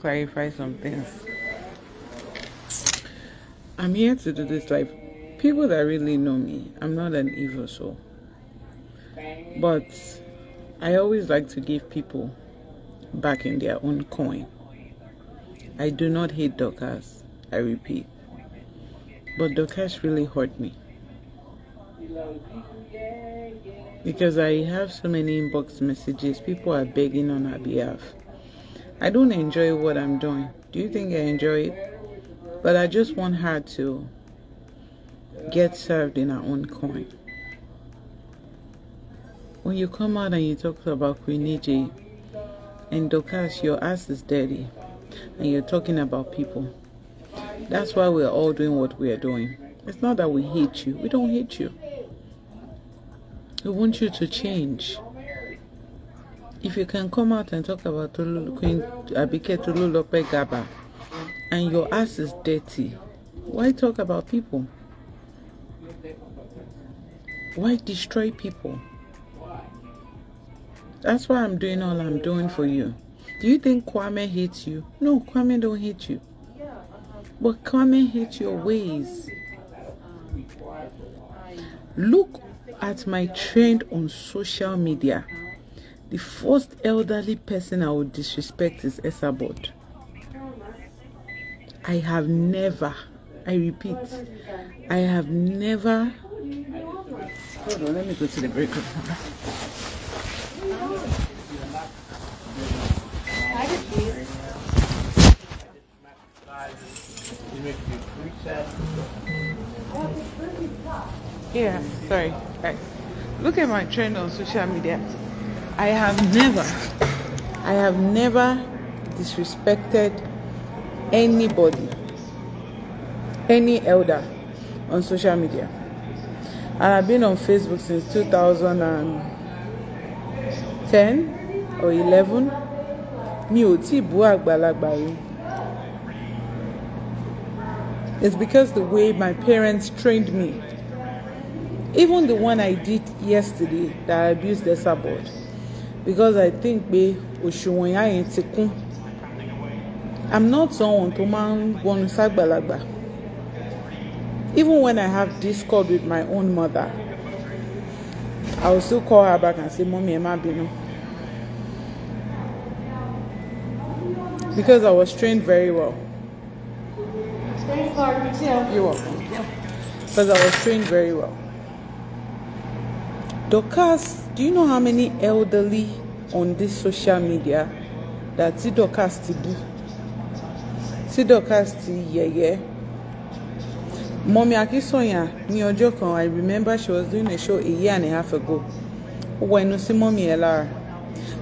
clarify some things. I'm here to do this life. People that really know me, I'm not an evil soul. But I always like to give people back in their own coin. I do not hate Dorcas, I repeat. But Dorcas really hurt me. Because I have so many inbox messages, people are begging on our behalf. I don't enjoy what I'm doing. Do you think I enjoy it? But I just want her to get served in her own coin. When you come out and you talk about Quiniji and Dokas, your ass is dirty and you're talking about people. That's why we're all doing what we are doing. It's not that we hate you, we don't hate you. We want you to change if you can come out and talk about Tolu, Queen Abike Tolulope Gaba and your ass is dirty, why talk about people? Why destroy people? That's why I'm doing all I'm doing for you. Do you think Kwame hates you? No, Kwame don't hate you. But Kwame hates your ways. Look at my trend on social media. The first elderly person I would disrespect is Esabod. I have never, I repeat, I have never. Hold on, let me go to the room. Yeah, sorry, Right, Look at my trend on social media. I have never, I have never disrespected anybody, any elder on social media. And I've been on Facebook since 2010 or 11. It's because the way my parents trained me. Even the one I did yesterday that I abused the subboard. because i think pé òṣùwọ̀n ìyá yẹn ti kún i'm not someone tó máa ń wọnú ságbàlagbà even when i have discord with my own mother i will still call her back and say mummy ẹ má bínú because i was trained very well. thanks for because I was trained very well. Dorcas, do you know how many elderly on this social media that tí Dorcas ti bú? Tí Dorcas ti yẹ̀yẹ́. Mọ̀mí Akínsọ̀yà ní ọjọ́ kan I remember she was doing a show a year and a half ago. When wọ ẹnu sí mọ́mí ẹ̀ lára.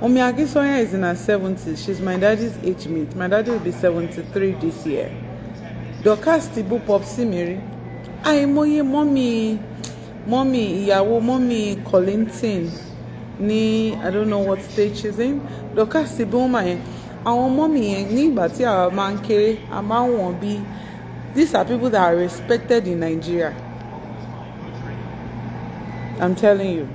Mọ̀mí is in her seventies. She's my daddy's age mate. My daddy will be seventy-three this year. Dorcas ti bú Popsi mi rí. Àìmọye mọ́mì ìyàwó mọ́mì Kollington ní i don't know what stage she's in Dorcas Bowman yẹn àwọn mommy, yẹn ní ìgbà tí àwa máa ń kéré a máa ń wọ̀n bí these are people that are respected in Nigeria i'm telling you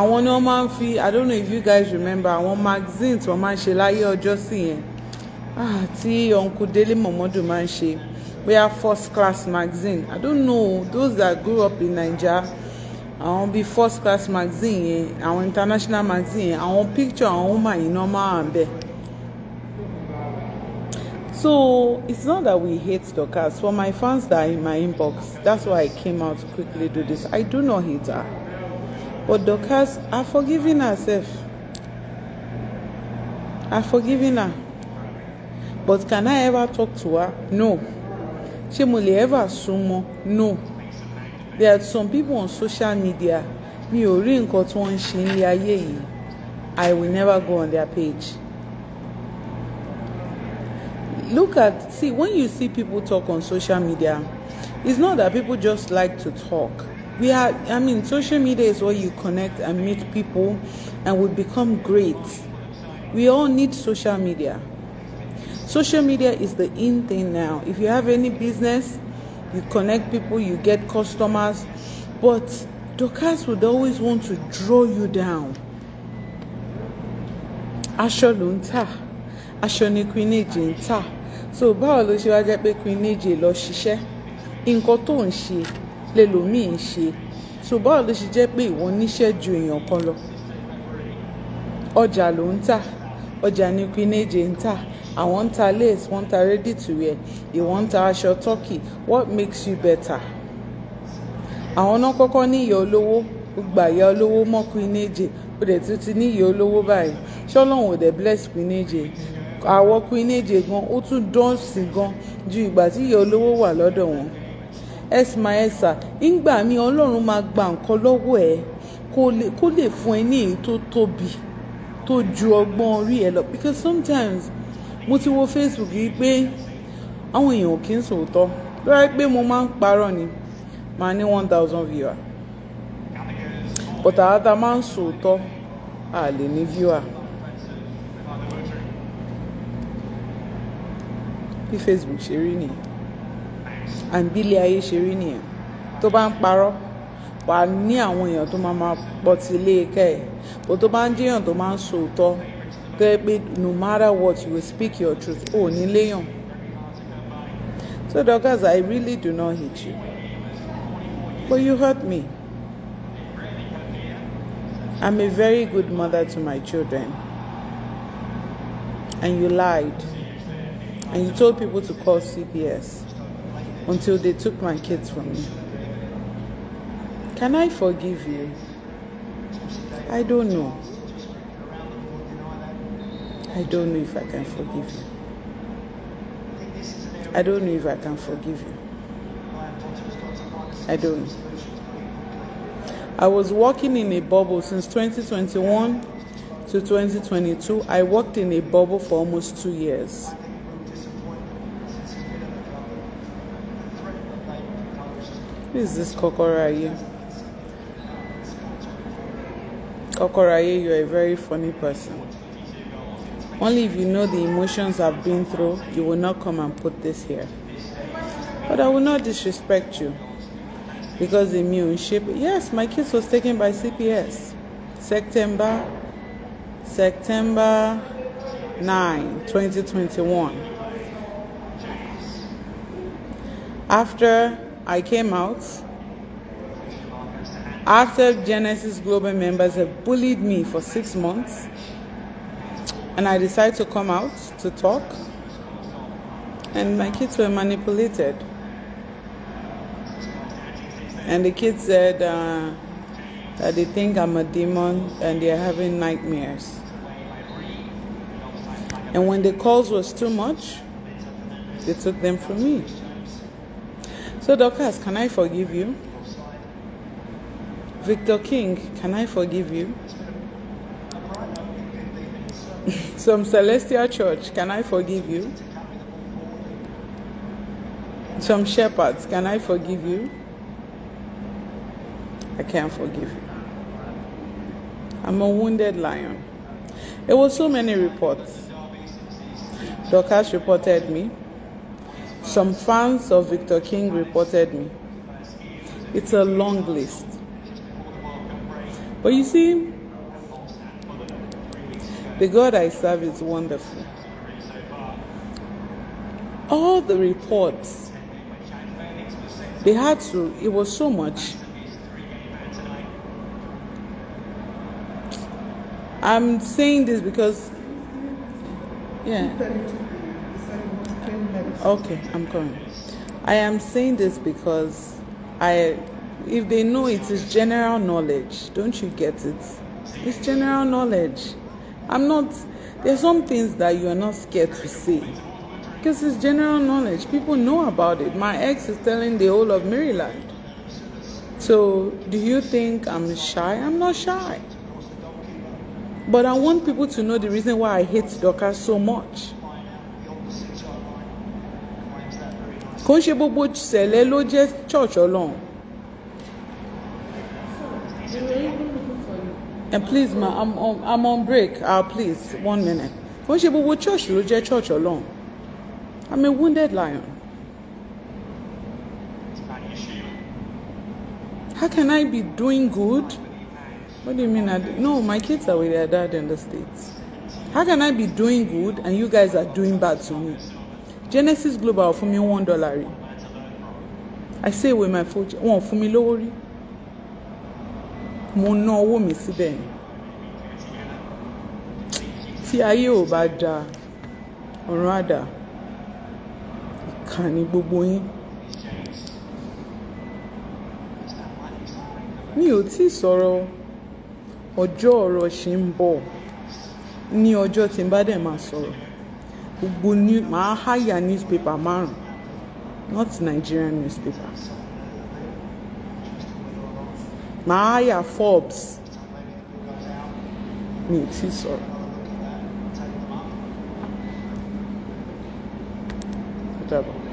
àwọn ni wọ́n máa ń fi i don't know if you guys remember àwọn magazines. tí wọ́n máa ń ṣe láyé ọjọ́ sí yẹn ah, tí uncle Délé Mọ̀mọ́dù máa ń ṣe. We are first class magazine i don't know those that grew up in naija àwọn bíi first class magazine yẹn àwọn international magazine yẹn àwọn picture àwọn woman yìí normal and bẹ́ẹ̀ so it's not that we hate Dorcas for my fans that are in my inbox that's why i came out to quickly do this i do not hate her but Dorcas forgive forgiving herself are forgiving her but can i ever talk to her no ṣé mo lè ever sún mọ́ no there are some people on social media mi ò rí nǹkan tí wọ́n ń ṣe ní ayé yìí I will never go on their page look at see when you see people talk on social media it's not that people just like to talk we are I mean social media is where you connect and meet people and we become great we all need social media social media is the in thing now if you have any business you connect people you get customers but dorcas would always want to draw you down aṣọ ló ń tà aṣọ ni queen ejì ń tà so báwo ló ṣe wá jẹ́ pé queen ejì lọ ṣiṣẹ́ nǹkan tó ń ṣe lẹ́lòmíì ń ṣe so báwo ló ṣe jẹ́ pé ìwọ níṣẹ́ ju èèyàn kan lọ ọjà ló ń tà ọjà ni queen ń tà àwọn ń ta lace wọ́n ń ta ready to wear ìwọ́n ń ta aṣọ turkey what makes you better àwọn náà kọ́kọ́ ní ìyá olówó gbà ìyá olówó mọ́ Queenage ó dẹ̀ tún ti ní ìyá olówó báyìí ṣọ́lọ́hún ò dẹ̀ bless Queenage àwọ̀ Queenage gan ó tún dọ́ọ̀sì gan ju ìgbà tí ìyá olówó wà lọ́dọ̀ wọn ẹsìmá ẹsà ńgbà mi ọlọ́run máa gba nǹkan lọ́wọ́ ẹ kó lè fún ẹ ní èyí tó tóbi tó ju ọgbọ́n orí ẹ lọ because sometimes mo ti wo Facebook yìí pé àwọn èèyàn ò kí ń sòótọ́ lọ́wọ́ pé mo máa ń parọ́ ni màá ní one thousand viewer bọ̀tà àtà máa ń sòótọ́ a lè ní viewer bí Facebook ṣe rí nìyẹn àǹbílẹ̀ ayé ṣe rí nìyẹn tó bá ń parọ́ wà ní àwọn èèyàn tó máa máa pọ̀ tí ilé ẹ̀kẹ́ e ẹ̀ bó tó bá ń jẹ́yàn tó máa ń sòótọ́ no matter what you will speak your truth Oh, ní so doctors, I really do not hate you but you hurt me I'm a very good mother to my children and you lied and you told people to call CPS until they took my kids from me. Can I forgive you? I don't know. I don't know if I can forgive you. I don't know if I can forgive you. I don't. I was walking in a bubble since 2021 to 2022. I worked in a bubble for almost two years. Who is this Kokoraye? Kokoraye, you're a very funny person. Only if you know the emotions I've been through, you will not come and put this here. But I will not disrespect you because the immune ship. Yes, my kids was taken by CPS. September, September 9, 2021. After I came out, after Genesis Global members have bullied me for six months, and I decided to come out to talk, and my kids were manipulated. And the kids said uh, that they think I'm a demon and they're having nightmares. And when the calls was too much, they took them from me. So doctors, can I forgive you? Victor King, can I forgive you? Some Celestial Church, can I forgive you? Some shepherds, can I forgive you? I can't forgive you. I'm a wounded lion. There were so many reports. Dorcas reported me. Some fans of Victor King reported me. It's a long list. But you see, the God I serve is wonderful. All the reports they had to, it was so much. I'm saying this because, yeah. Okay, I'm coming. I am saying this because I, if they know it is general knowledge, don't you get it? It's general knowledge. I'm not, there's some things that you are not scared to say because it's general knowledge. People know about it. My ex is telling the whole of Maryland. So, do you think I'm shy? I'm not shy. But I want people to know the reason why I hate Doka so much. and please ma i'm on i'm on break ah please one minute kò ń be with church ló jẹ́ church alone. i'm a wounded lion how can i be doing good what do you mean I do? no my kids are with their dad in the states how can i be doing good and you guys are doing bad to me genesis global for me one dollar i say with my fortune. One for me, lówó mo ná owó mi síbẹ̀ ni tí ayé ò bá dáa ọ̀run àdá ìkànnì gbogbo yín. mi ò tí ì sọ̀rọ̀ ọjọ́ ọ̀rọ̀ ṣì ń bọ̀ ní ọjọ́ tí n bá dẹ̀ máa sọ̀rọ̀ gbogbo ní màá háyà newspaper márùn-ún not Nigerian newspaper. Maya Forbes mi ò tí sọ̀rọ̀. Whatever.